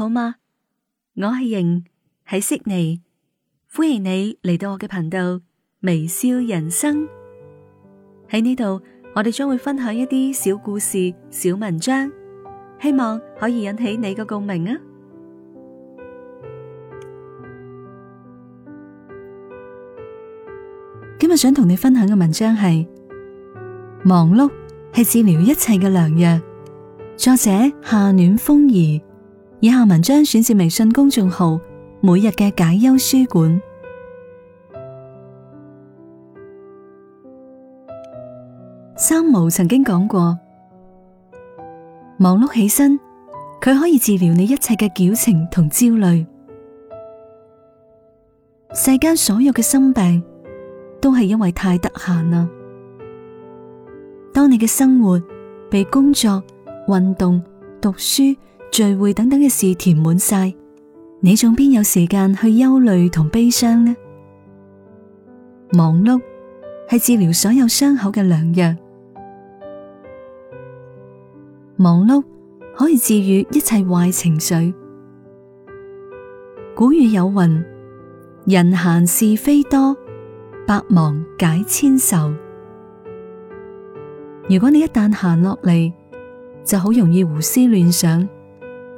好嗎？我係瑩，喺悉尼，歡迎你嚟到我嘅頻道微笑人生。喺呢度，我哋將會分享一啲小故事、小文章，希望可以引起你嘅共鳴啊！今日想同你分享嘅文章係《忙碌係治療一切嘅良藥》，作者夏暖風兒。以下文章選自微信公眾號每日嘅解憂書館。三毛曾經講過：忙碌起身，佢可以治療你一切嘅矯情同焦慮。世間所有嘅心病，都係因為太得閒啦。當你嘅生活被工作、運動、讀書、聚會等等嘅事填滿晒，你仲邊有時間去憂慮同悲傷呢？忙碌係治療所有傷口嘅良藥，忙碌可以治愈一切壞情緒。古語有云：人閒是非多，百忙解千愁。如果你一旦閒落嚟，就好容易胡思亂想。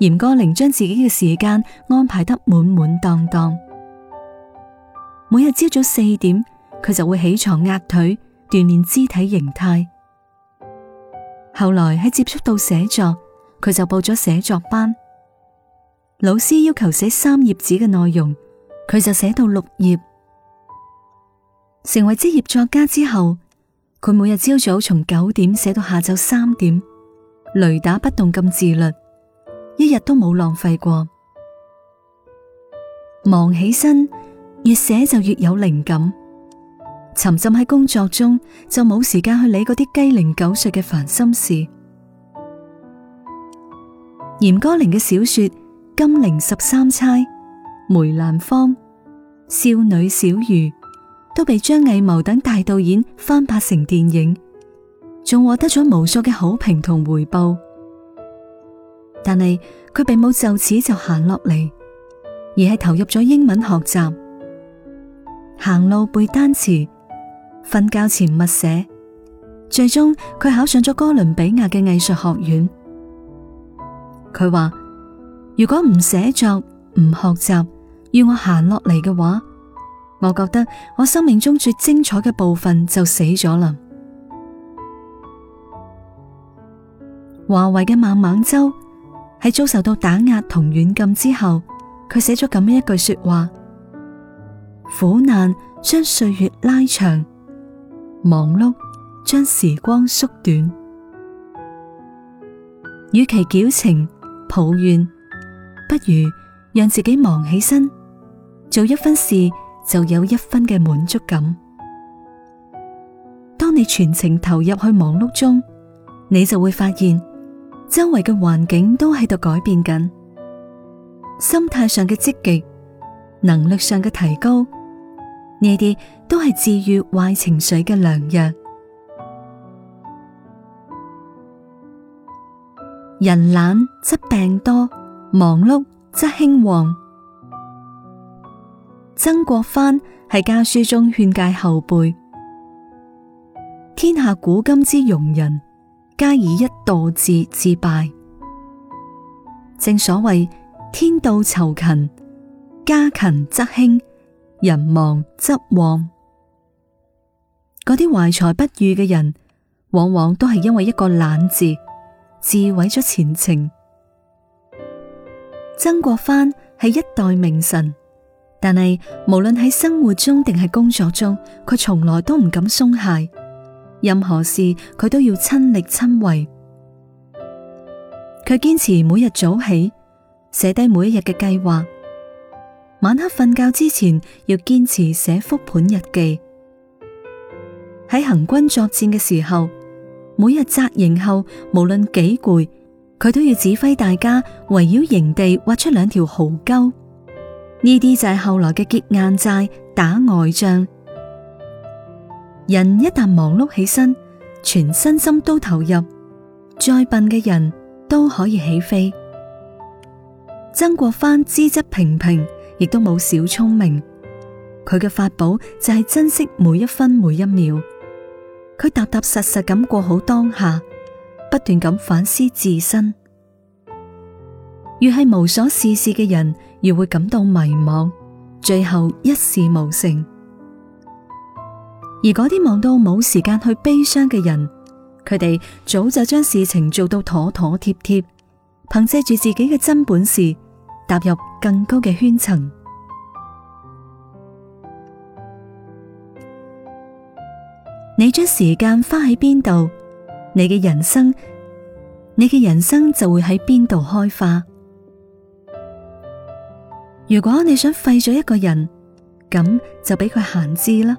嚴歌苓將自己嘅時間安排得滿滿當當，每日朝早四點佢就會起床壓腿鍛煉肢體形態。後來喺接觸到寫作，佢就報咗寫作班。老師要求寫三頁紙嘅內容，佢就寫到六頁。成為職業作家之後，佢每日朝早從九點寫到下晝三點，雷打不動咁自律。一日都冇浪費過，忙起身越寫就越有靈感，沉浸喺工作中，就冇時間去理嗰啲雞零狗碎嘅煩心事。嚴歌苓嘅小說《金陵十三釵》《梅蘭芳》《少女小漁》都被張藝謀等大導演翻拍成電影，仲獲得咗無數嘅好評同回報。但係佢並冇就此就行落嚟，而係投入咗英文學習、行路背單詞、瞓覺前默寫。最終佢考上咗哥倫比亞嘅藝術學院。佢話：如果唔寫作、唔學習，要我行落嚟嘅話，我覺得我生命中最精彩嘅部分就死咗啦。華為嘅孟晚舟。喺遭受到打壓同軟禁之後，佢寫咗咁樣一句說話：苦難將歲月拉長，忙碌將時光縮短。與其矯情抱怨，不如讓自己忙起身，做一分事就有一分嘅滿足感。當你全情投入去忙碌中，你就會發現。周圍嘅環境都喺度改變緊，心態上嘅積極，能力上嘅提高，呢啲都係治癒壞情緒嘅良藥。人懶則病多，忙碌則興旺。曾國藩喺家書中勸誡後輩：天下古今之庸人。皆以一度字自敗，正所謂天道酬勤，家勤則興，人忙則旺。嗰啲懷才不遇嘅人，往往都係因為一個懶字，自毀咗前程。曾國藩係一代名臣，但係無論喺生活中定係工作中，佢從來都唔敢鬆懈。任何事佢都要親力親為，佢堅持每日早起寫低每一日嘅計劃，晚黑瞓覺之前要堅持寫復盤日記。喺行軍作戰嘅時候，每日紮營後無論幾攰，佢都要指揮大家圍繞營地挖出兩條壕溝，呢啲就係後來嘅結硬寨打呆仗。人一旦忙碌起身，全身心都投入，再笨嘅人都可以起飛。曾國藩資質平平，亦都冇小聰明，佢嘅法寶就係珍惜每一分每一秒，佢踏踏實實咁過好當下，不斷咁反思自身。越係無所事事嘅人，越會感到迷茫，最後一事無成。而嗰啲忙到冇時間去悲傷嘅人，佢哋早就將事情做到妥妥貼貼，憑借住自己嘅真本事，踏入更高嘅圈層。你將時間花喺邊度，你嘅人生，你嘅人生就會喺邊度開花。如果你想廢咗一個人，咁就俾佢閒置啦。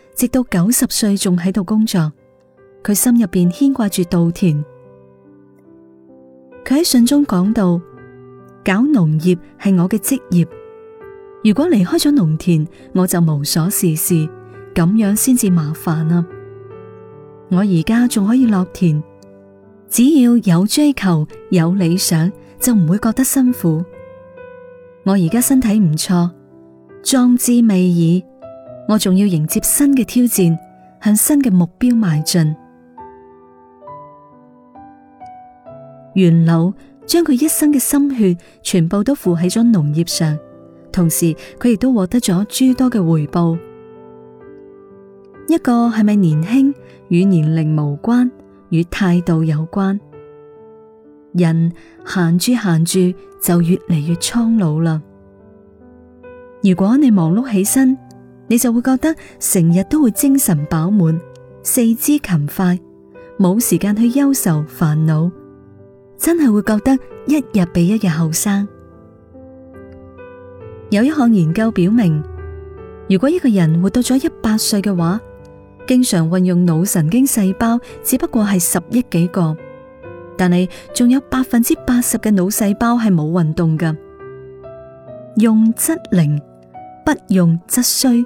直到九十歲仲喺度工作，佢心入邊牽掛住稻田。佢喺信中講到：搞農業係我嘅職業，如果離開咗農田，我就無所事事，咁樣先至麻煩啊！我而家仲可以落田，只要有追求、有理想，就唔會覺得辛苦。我而家身體唔錯，壯志未已。我仲要迎接新嘅挑戰，向新嘅目標邁進。袁老將佢一生嘅心血全部都付喺咗農業上，同時佢亦都獲得咗諸多嘅回報。一個係咪年輕與年齡無關，與態度有關。人閒住閒住就越嚟越蒼老啦。如果你忙碌起身。你就會覺得成日都會精神飽滿、四肢勤快，冇時間去憂愁煩惱，真係會覺得一日比一日後生。有一項研究表明，如果一個人活到咗一百歲嘅話，經常運用腦神經細胞只不過係十億幾個，但係仲有百分之八十嘅腦細胞係冇運動噶用則靈，不用則衰。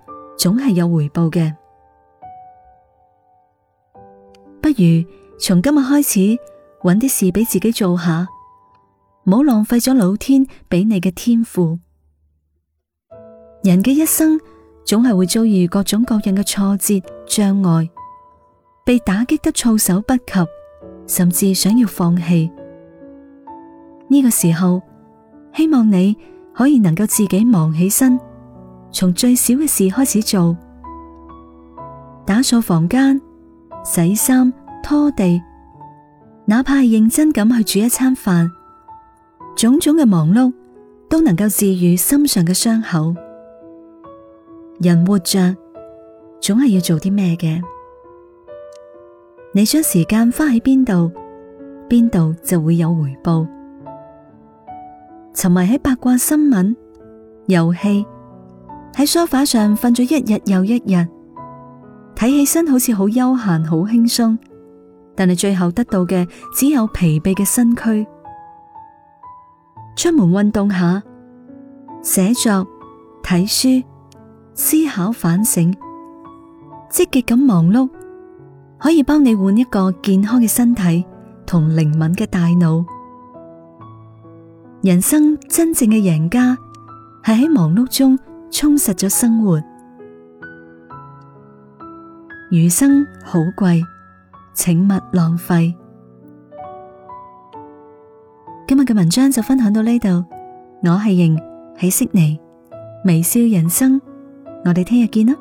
總係有回報嘅，不如從今日開始揾啲事俾自己做下，唔好浪費咗老天俾你嘅天賦。人嘅一生總係會遭遇各種各樣嘅挫折、障礙，被打擊得措手不及，甚至想要放棄。呢個時候，希望你可以能夠自己忙起身。從最少嘅事開始做，打掃房間、洗衫、拖地，哪怕係認真咁去煮一餐飯，種種嘅忙碌都能夠治愈心上嘅傷口。人活着總係要做啲咩嘅？你將時間花喺邊度，邊度就會有回報。沉迷喺八卦新聞、遊戲。喺梳化上瞓咗一日又一日，睇起身好似好悠閒、好輕鬆，但係最後得到嘅只有疲憊嘅身軀。出門運動下，寫作、睇書、思考、反省，積極咁忙碌，可以幫你換一個健康嘅身體同靈敏嘅大腦。人生真正嘅贏家，係喺忙碌中。充實咗生活，餘生好貴，請勿浪費。今日嘅文章就分享到呢度，我係瑩，喺悉尼微笑人生，我哋聽日見啦。